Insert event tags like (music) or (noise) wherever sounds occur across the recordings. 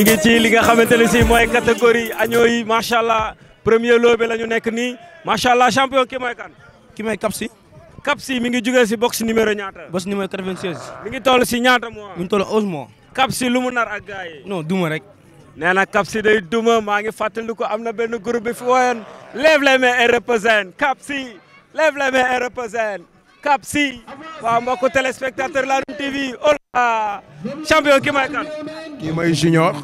ñu ngi ci li la ñu Kapsi. mi ngi jugee si box numéro ñaata. box numéro 96. mi ngi toll si ñaata mois. mi ngi toll 11 mois. Kapsi lu mu nar ak gars yi. non duma rek. nee Kapsi day duma maa ngi fàttali ko am na benn groupe bi fi woyoon lève les mains et Kapsi lève les mains et représente TV ola champion ki may kan kii mooy Junior.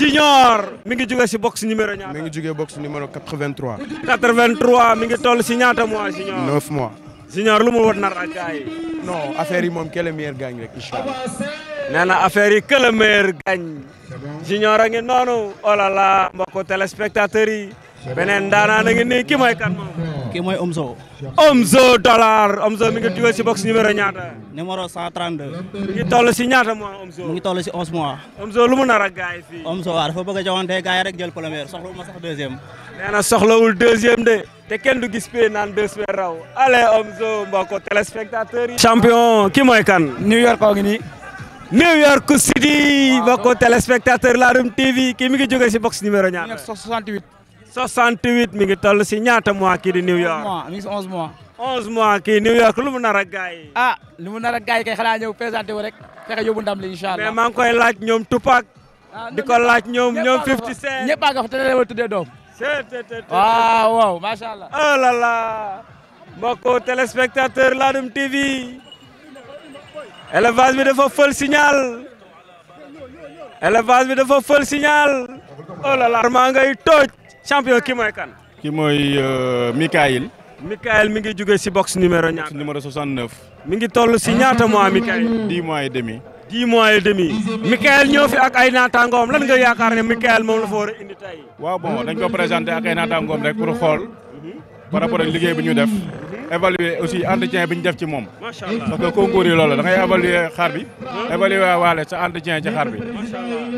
Junior. mi ngi jugee si box numéro ñaata. mi ngi jugee box numéro 83. 83 mi ngi tol si ñaata mois Junior. 9 mois. Junior lu mu war nar ak gars yi. non affaire yi moom que le meilleur gagne rek na affaire yi que le meilleur gagne. Junior a ngi noonu. oh là là yi. beneen daanaa na ngi nii ki mooy kan moom. kii mooy Omzo. Omzo dollar Omzo mi ngi jóge si box numéro ñaata. numéro 132. ngi toll si ñaata mois Omzo. si 11 mois. Omzo lu mu nar ak gars yi fii. Omzo waaw dafa bëgg a joxante gars yi rek jël de. te kenn du gis pay naan deux raw. allez Omzo mbokku téléspectateurs champion ki mooy kan. New York koo ngi nii. New York City mbokku téléspectateur Ladoum TV kii mi ngi jóge si box numéro ñaata. 68. 68 mi ngi tol si ñaata mois kii di New York. mois mois. 11 New York lu mu nar a gars yi. ah lu mu nar a gars yi kay xanaa wu rek fexe yóbbu ndam li incha allah. mais maa ngi koy laaj ñoom Tupac. Ah, di ko laaj ñoom ñoom 50 Cent. ñëpp a nga fa te ne tuddee doom. waaw waaw macha allah. Oh téléspectateur Ladoum TV élevage bi dafa fël signal élevage bi dafa fël signal oh là là maa ngay tooj. champion kii mooy kan. kii mooy euh, Mikaël. Mikaël mi ngi jóge si box numéro ñaata. numéro 69. mi ngi toll si ñaata mois Mikaël. 10 mois et demi. 10 mois et demi. Mikaël ñëw fi ak ay naataangoom lan nga yaakaar ne Mikaël moom la fa a indi tey. waaw bon dañ ko présenté ak ay naataangoom rek pour xool. par rapport ak liggéey bi ñu def évaluer aussi entretien bi ñu def ci moom parce que concours yi loolu da ngay évaluer xar bi évaluer waale sa entretien ci xar bi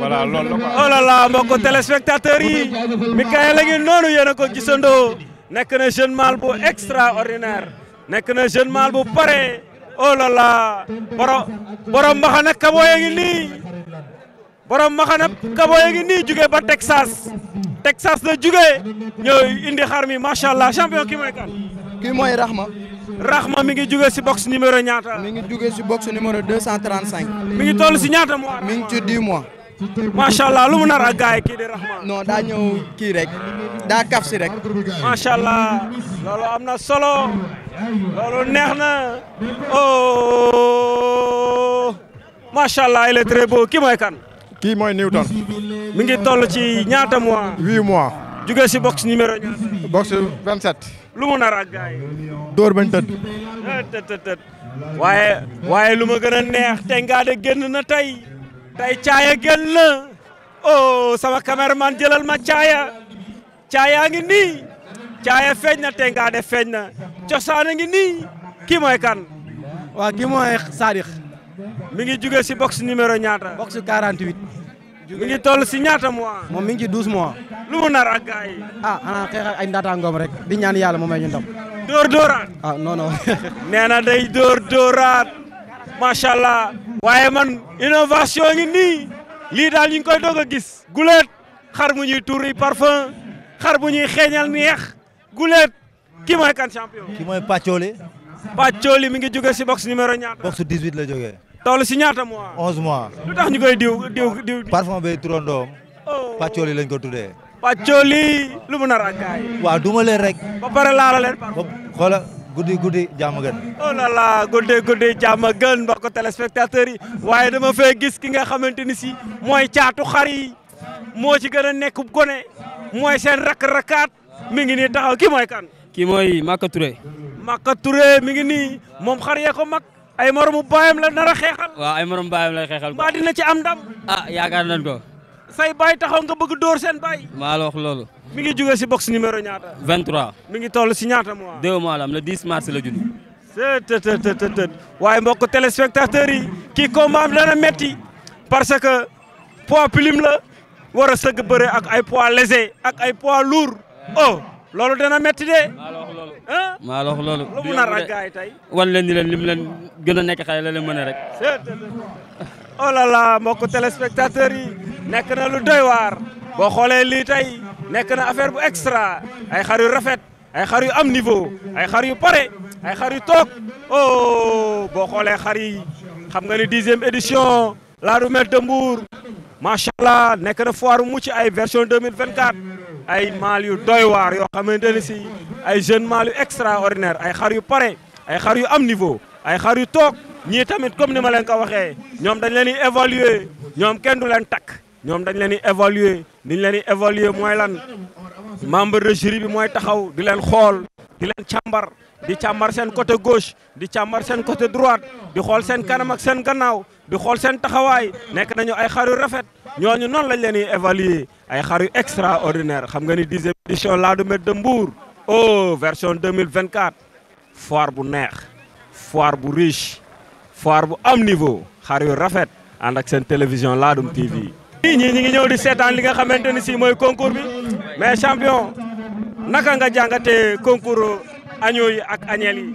voilà loolu la quoi oh là là mbokk téléspectateurs yi Mikaël la ngi noonu yéen ko gisandoo nekk na jeune mâle bu extraordinaire nekk na jeune mâle bu pare oh là là borom borom mbaxana kabooya ngi nii ba Texas Texas la jugee indi xar mi macha allah champion ki mooy kan. kii mooy Rahma. Rahma mi ngi juge si box numéro ñaata. mi ngi jugee si box numéro 235. mi ngi toll si ñaata mois. mi ngi ci 10 mois. macha allah lu mu nar ak gars yi kii di Rahma. non daa ñëw kii rek daa kaf si macha allah lo am na solo loolu neex na oh macha allah il est très beau kan. kii mooy Newton. mi ngi toll ci ñaata mois. huit mois. jugee si box numéro ñaata. box 27. lu mu nar ak gars yi. dóor bañ tëdd. tët tët tët waaye waaye lu ma gën a neex te ngaa de génn na tey tey caaya génn na oh sama cameraman jëlal ma caaya caayaa ngi nii caaya feeñ na te ngaa de feeñ na cosaan a ngi nii kii mooy kan. waaw kii mooy Sadikh. mi ngi jugee si box numéro ñaata. box 48. mi ngi toll si ñaata mois. moom mi ngi ci 12 mois. lu mu nar ak gars yi. ah rek di ñaan yàlla mu may ñu ndam. dóor dóoraat. ah non (laughs) na day macha allah. waaye man innovation lii daal ñu ngi koy doog a gis. guleet xar mu ñuy tuuri parfum xar bu ñuy xeeñal neex guleet ki mooy kan champion. ki mooy Pàccooli. Pàccooli mi ngi jóge si box numéro ñaata. box 18 la jógee. toll si ñaata mois. 11 mois. lu tax ñu koy diw oh. ko tuddee. pàccool yi lu mu nar a gaay. waaw duma leen rek. ba pare laala leen. xoola guddi guddi jàmm gën. oh là là guddi guddi jàmm gën mbokk téléspectateurs yi waaye dama fee gis ki nga xamante ni si mooy caatu xar yi moo ci gën a nekk gone mooy seen rakk-rakkaat mi ngi nii taxaw kii mooy kan. kii mooy Maka Touré. Maka moom xar yee ay moromu baayam la nar a xeexal. waaw ay moromu baayam xeexal. mbaa dina ci am ndam. a ah, yaakaar nañ ko. say baay taxaw nga bëgg door seen baay. maa la wax loolu. mi ngi jóge si box numéro ñaata. 23. mi ngi tol si ñaata mois. 2 mois la am le mars la judd. të të të të të waaye mbokk téléspectateurs yi kii combat am dana metti parce que poids plume la war a sëgg bëre ak ay poids léger ak ay poids lourd oh. loolu dana metti de. maa la loolu. lu mu nar ak gars tey. wan leen ni leen lim leen gën a nekk xale la leen mën a rek. oh là là mbokku yi nekk na lu doy waar boo xoolee lii tey nekk na affaire bu extra ay xar yu rafet ay xar yu am niveau ay xar yu pare ay xar yu toog oh boo xoolee xar yi xam nga ni dixième édition la Roumette de Mbour macha allah nekk na foire mucc ay version 2024. ay maal yu doy waar yoo xamante ne si ay jeune maal yu extraordinaire ay xar yu pare ay xar yu am niveau ay xar yu toog ñii tamit comme ni ma leen ko waxee ñoom dañ leen di évaluer ñoom kenn du leen takk ñoom dañ leen di évaluer diñ leen di évaluer mooy lan membre de jury bi mooy taxaw di leen xool di leen càmbar di càmbar seen côté gauche di càmbar seen côté droite di xool seen kanam ak seen gannaaw di xool seen taxawaay nekk nañu ay xar yu rafet ñooñu noonu lañ leen di évaluer ay xar yu extraordinaire xam nga ni dixième édition Ladoumé de Mbour oh version 2024 foire bu neex foire bu riche foire bu am niveau xar yu rafet ànd ak seen télévision Ladoum TV. ñii ñi ngi ñëw di seetaan li nga xamante ni si mooy concours bi mais champion naka nga jàngatee concours agneaux yi ak agnelle yi.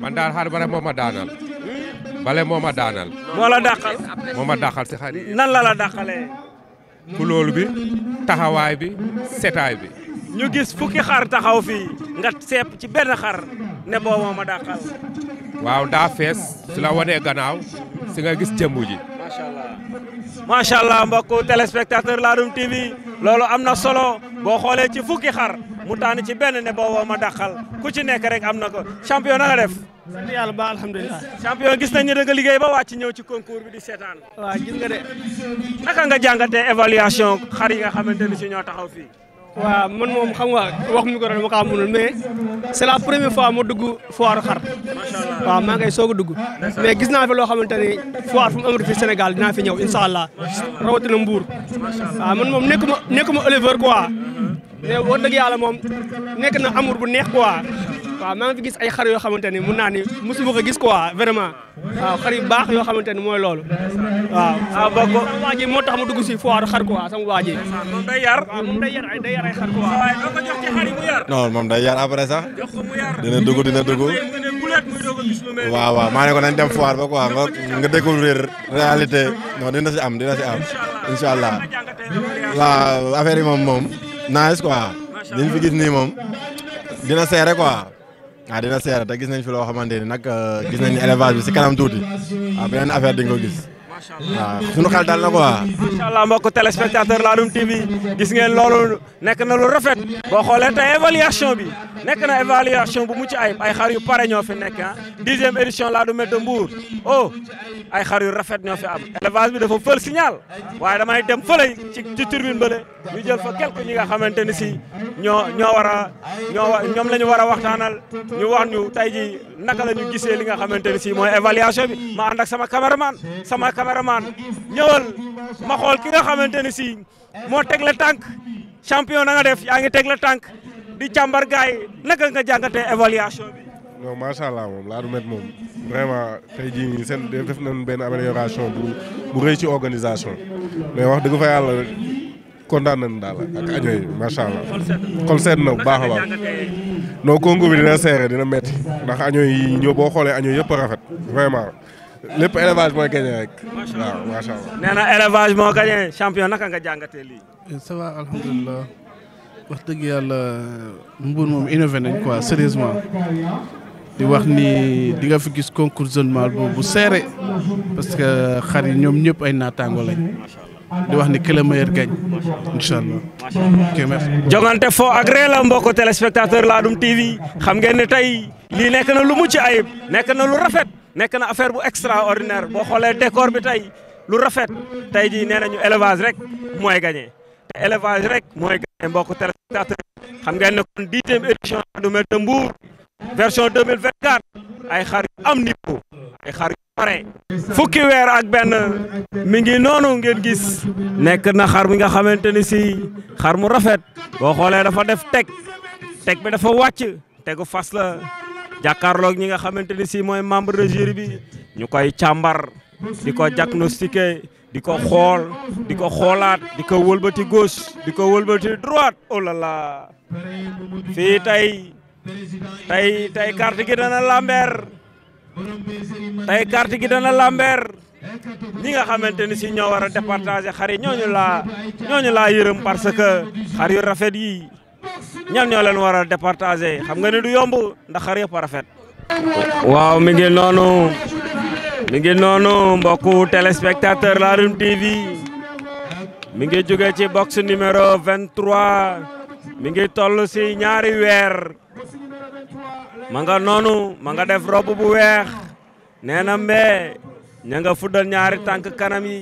man daal xar ba rek ma daanal. bale moo ma daanal. moo la dàqal. moo ma dàqal si nan la la dàqalee. kulóolu bi taxawaay bi setaay bi. ñu gis fukki xar taxaw fii nga seep ci benn xar ne boo moo ma dàqal. waaw daa fees su la wanee gannaaw si nga gis jëmbu ji. macha allah macha allah mbokku téléspectateur Ladoum TV loolu am na solo boo xoolee ci fukki xar mu tànn ci benn ne boo ma ku ci nekk rek am na ko champion def. sant yàlla ba alhamdulilah. champion gis nañ ne da nga liggéey ba wàcc ci concours bi di seetaan. waaw gis nga de. naka nga jàngatee évaluation xar yi nga xamante ni si ñoo taxaw fii. waaw man moom xam nga wax mi ko doon ma kaa mënul mais c' est la première fois ma dugg foire xar. macha allah waaw maa ngay soog a dugg. gis naa fi loo xamante ni foire fu mu amati fi Sénégal dinaa fi ñëw incha allah. rawatina Mbour. waaw man moom nekkuma nekkuma éleveur quoi. Mm-hmm. mais wax dëgg yàlla moom nekk bu neex quoi. waaw maa ngi fi gis ay xar yoo xamante ni mun naa ni mosuma ko gis quoi vraiment baax yoo xamante ni mooy loolu waaw. ah mu dugg si foire xar ah, moom day yar mu yar. non moom day yar après sax. jox ko mu yar dina dugg dina dugg. waaw waaw maa ne ko nañ dem foire ba quoi nga nga découvrir réalité non dina am dina si am incha allah waaw yi moom moom nice quoi moom dina ah dina seera te gis nañ fi loo xamante ni nag euh, gis nañ élevage bi si kanam tuuti waaw ah, beneen affaire di gis waaw ah, suñu xel dal na quoi. macha allah mbokk téléspectateur gis ngeen loolu nekk na lu rafet boo xoolee tey bi. nekk na évaluation bu mu ayib ay xar yu pare ñoo fi nekk ah dixième édition laa du mel de o oh, ay xar yu rafet ñoo fi am élevage bi dafa fël signal waaye damay dem fële ci ci turbine bële ñu jël fa quelque ñi nga xamante ni si ñoo ñoo war a ñoo ñoom la ñu war a waxtaanal ñu wax ñu tey ji naka la ñu gisee li nga xamante ni si mooy évaluation bi ma ànd sama caméraman sama caméraman ñëwal ma xool ki nga xamante ni si moo tegle la tànk champion na nga def yaa ngi teg la tànk di càmbar gars yi naka nga jàngatee évaluation bi. non macha allah moom laa du met moom vraiment tey jii nii seen def nañ benn amélioration bu bu rëy ci organisation mais wax dëgg fa yàlla kontaan nañ daal ak ajo yi macha allah. xol seet na bu baax a baax. non concours bi dina seere dina metti ndax año yi ñoo boo xoolee año yëpp a rafet vraiment lépp élevage mooy gagné rek. waaw macha allah champion naka nga jàngatee lii. ça va wax dëgg yàlla Mbour moom innové nañ quoi sérieusement di wax ni di nga fi gis concours jeune mâle boobu bu serré parce que xar ñoom ñëpp ay naataango lañ di wax ni que le meilleur gagne incha allah. ok jongante foo ak la mbokk téléspectateur Ladoum TV xam ngeen ne tey lii nekk na lu mucc ayib nekk na lu rafet nekk na affaire bu extraordinaire boo xoolee décor bi tey lu rafet tey jii nee nañu élevage rek mooy gagné te rek mooy gagné mbokk xam ngeen ne kon dixième édition du Maire de Mbour version 2024 ay xar yu am niveau ay xar yu pare fukki weer ak benn mi ngi noonu ngeen gis nekk na xar mi nga xamante ni si xar mu rafet boo xoolee dafa def teg teg bi dafa wàcc tegu fas la jàkkaarloog ñi nga xamante ni si mooy membre de jury bi ñu koy càmbar di ko diagnostiqué di ko xool di ko xoolaat di ko wëlbati gauche di ko wëlbati droite oh là là tay tey tey tey gi dana lamber tey carte gi dana lamber ñi nga xamante ni si ñoo war a départager xar yi ñooñu yërëm parce que xar rafet yi ñan ñoo leen war a xam nga ni du yomb ndax xar waaw mi ngi noonu mi ngi noonu mbokku téléspectateur Ladoum TV mi ngi jóge ci box numéro 23 mi ngi toll si ñaari weer ma nga noonu ma nga def robe bu weex nee na mbee ña nga fuddan ñaari tànk kanam yi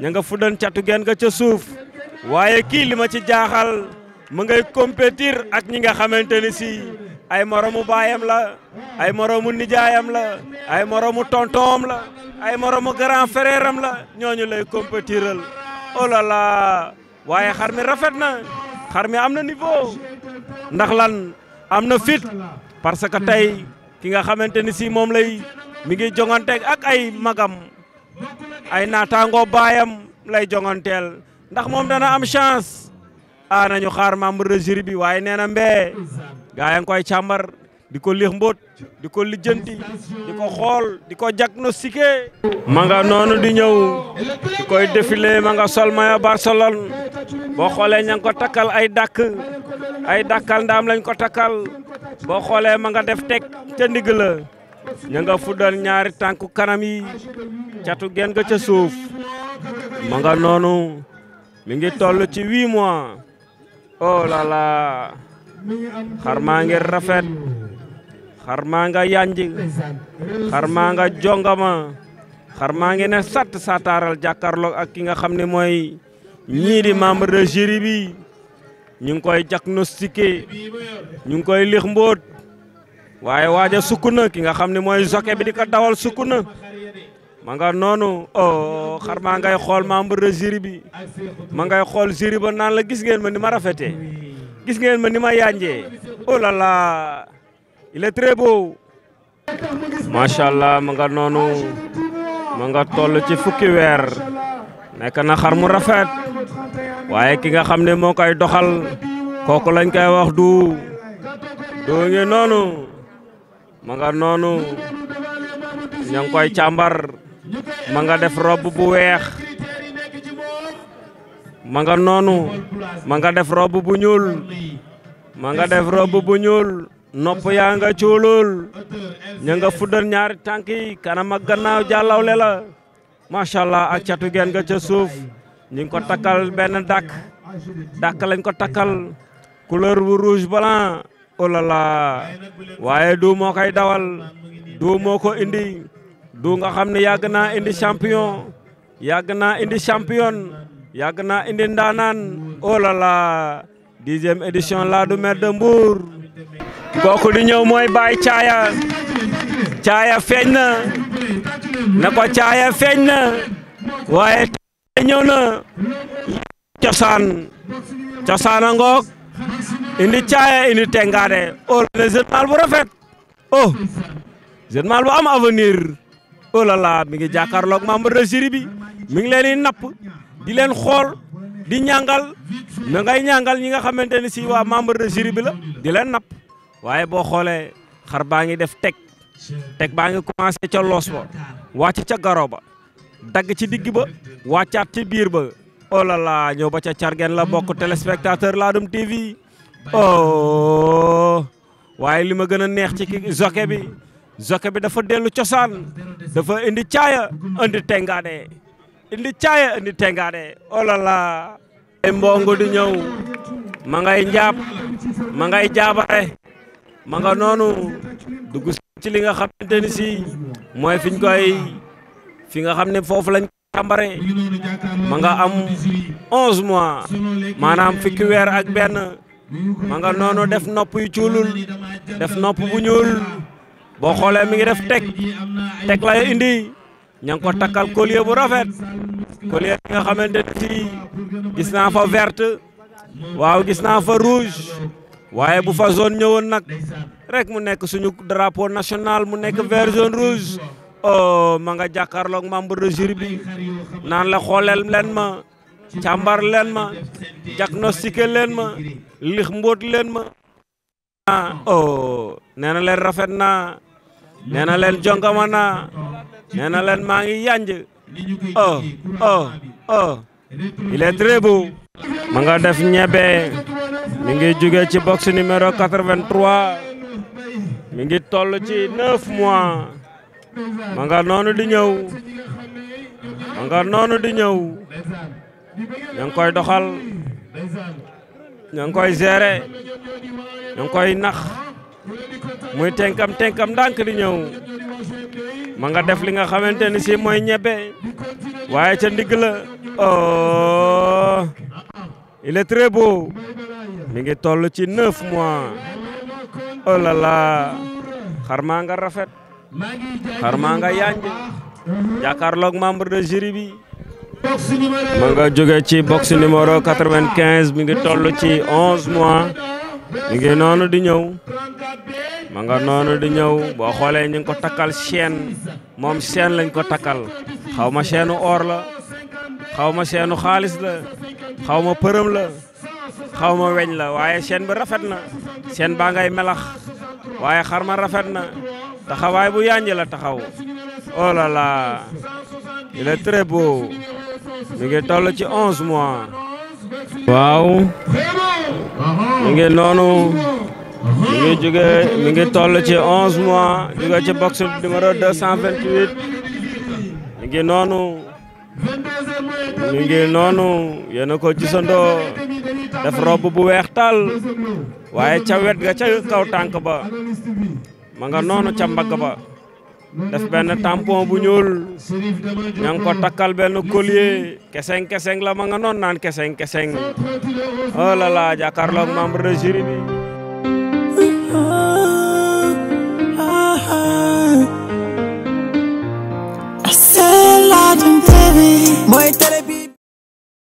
ña nga fuddan catu geen ca suuf waaye kii ma ci jaaxal mu ngay compétir ak ñi nga xamante ni si ay moromu baayam la ay moromu nijaayam la ay moroomu tontoom la ay moromu grand frère am la ñooñu lay compétiral oh là waaye xar mi rafet na xar mi am na niveau ndax lan am na fit parce que tey ki nga xamante ni si moom lay mi ngi jongante ak ay magam ay naataangoo baayam lay jonganteel ndax moom dana am chance a nañu xaar membre de jury bi waaye nee na mbee gaa yaa koy càmbar di ko liix mbóot di ko lijjanti di ko xool di ko diagnostiqué. ma nga noonu di ñëw di koy défilé ma sol maya Barcelone boo xoolee ña ngi ko takkal ay dàkk ay dàkkal ndaam lañ ko takkal boo xoolee ma nga teg ca ndigg la ña ñaari tànku kanam yi catu gen ca suuf ma mi ngi toll ci huit mois oh là xar maa ngi rafet xar maa nga yanji xar maa nga jongama xar maa ngi ne sàtt sàttaaral jàkkaarloog ak ki nga xam ne mooy ñii di membre de jury bi ñu ngi koy diagnostiqué ñu ngi koy lix mbóot waaye waaja sukk na ki nga xam ne mooy jockey bi di ko dawal sukk na ma nga noonu oh xar maa ngay xool membre de jury bi ma ngay xool jury ba naan la gis ngeen ma ni ma rafetee gis ngeen ma ni ma yaanjee oh là là il est très beau. macha allah ma nga noonu ma nga ci fukki weer nekk na xar mu rafet waaye ki nga xam ne moo doxal kooku lañ koy wax du du noonu ma nga noonu ña ngi koy càmbar ma nga def rob bu weex. ma nga noonu ma nga def robe bu ñuul ma nga def robe bu ñuul nopp yaa nga cuulul ña nga fuddal ñaari tànk yi kanam ak gannaaw jàllawle la macha allah ak catu geen nga ca suuf ko takkal benn dàkk dàkk lañ ko takkal couleur bu rouge blanc oh là waaye du moo koy dawal du moo ko indi du nga xam ne yàgg naa indi champion yàgg naa indi champion yàgg naa indi ndaanaan oh là là la du maire de di ñëw mooy Baye Caaya Caaya feeñ na na ko Caaya feeñ na waaye ñëw na cosaan cosaan a ngoog indi Caaya indi tengaade oh la ne journal bu rafet oh journal bu am avenir oh mi ngi jàkkaarloog membre de jury bi mi ngi leen di napp di leen xool di ñàngal na ngay ñàngal ñi nga xamante ne si waa membre de jury bi la di leen napp waaye boo xoolee xar baa ngi def teg teg baa ngi commencé ca loos ba wàcc ca garo ba dagg ci digg ba wàccaat ci biir ba oh la la ba ca cargen la bokk téléspectateur Ladoum TV oh waaye li ma gën a neex ci ki bi joke bi dafa dellu cosaan dafa indi caaya indi tengaade indi caaya indi tengaade olala ay mbongo di ñëw ma ngay njaab ma ngay jaabare nga noonu dugg ci li nga xam ni si mooy fiñ koy fi nga xam ne foofu lañ tàmbare nga am onze mois maanaam fukki weer ak benn ma nga noonu def nopp yu cuulul def nopp bu ñuul boo xoolee mi ngi def teg teg la indi ña ngi ko takkal collier bu rafet collier bi nga xamante ne fii gis naa fa verte waaw gis naa fa rouge waaye bu fa zone ñëwoon nag rek mu nekk suñu drapeau national mu nekk vert jaune rouge oh ma nga jàkkaarloog membre de jury bi naan la xooleel leen ma càmbar leen ma diagnostiqué leen ma lix mbóot leen ma ah oh, leen rafet naa nee na leen jongama naa nee na leen maa ngi yànj oh oh oh ma nga def ñebe mi ngi jóge ci box numéro 83 mi ngi toll ci 9 mois ma nga noonu di ñëw ma nga noonu di ñëw ña ngi koy doxal ña ngi koy gérer ña ngi koy nax. muy tenkam tenkam ndànk ma nga def li nga xamante ni si mooy ñebe waaye ca ndigg la oh il est très beau mi ngi toll ci neuf mois oh xar maa nga rafet xar maa nga yanj jàkkaarloog membre de jury bi ma nga jóge ci box numéro 95 mi ngi toll ci onze mois mi ngi noonu di ñëw ma nga noonu di ñëw boo xoolee ñu ko takkal chaîne moom seen lañ ko takkal xaw ma chaîne or la xaw ma chaîne xaalis la xaw ma përëm la xaw ma weñ la waaye seen bi rafet na seen baa ngay melax waaye xar ma rafet na taxawaay bu yànji la taxaw oh là là il mi ngi toll ci onze mois waaw mi ngi noonu mi ngi jóge mi ngi toll ci onze mois jóge ci box numéro deux cent vingt noonu mi noonu yéen a ko gisandoo def robb bu weex taal waaye ca wet ga ca kaw tànk ba ma nga noonu ca mbagg ba def benn tampon bu ñuul ña ngi ko takkal benn collier keseng keseng la ma nga noon naan keseng keseng oh là là jàkkaarloog membre de jury bi mooy télé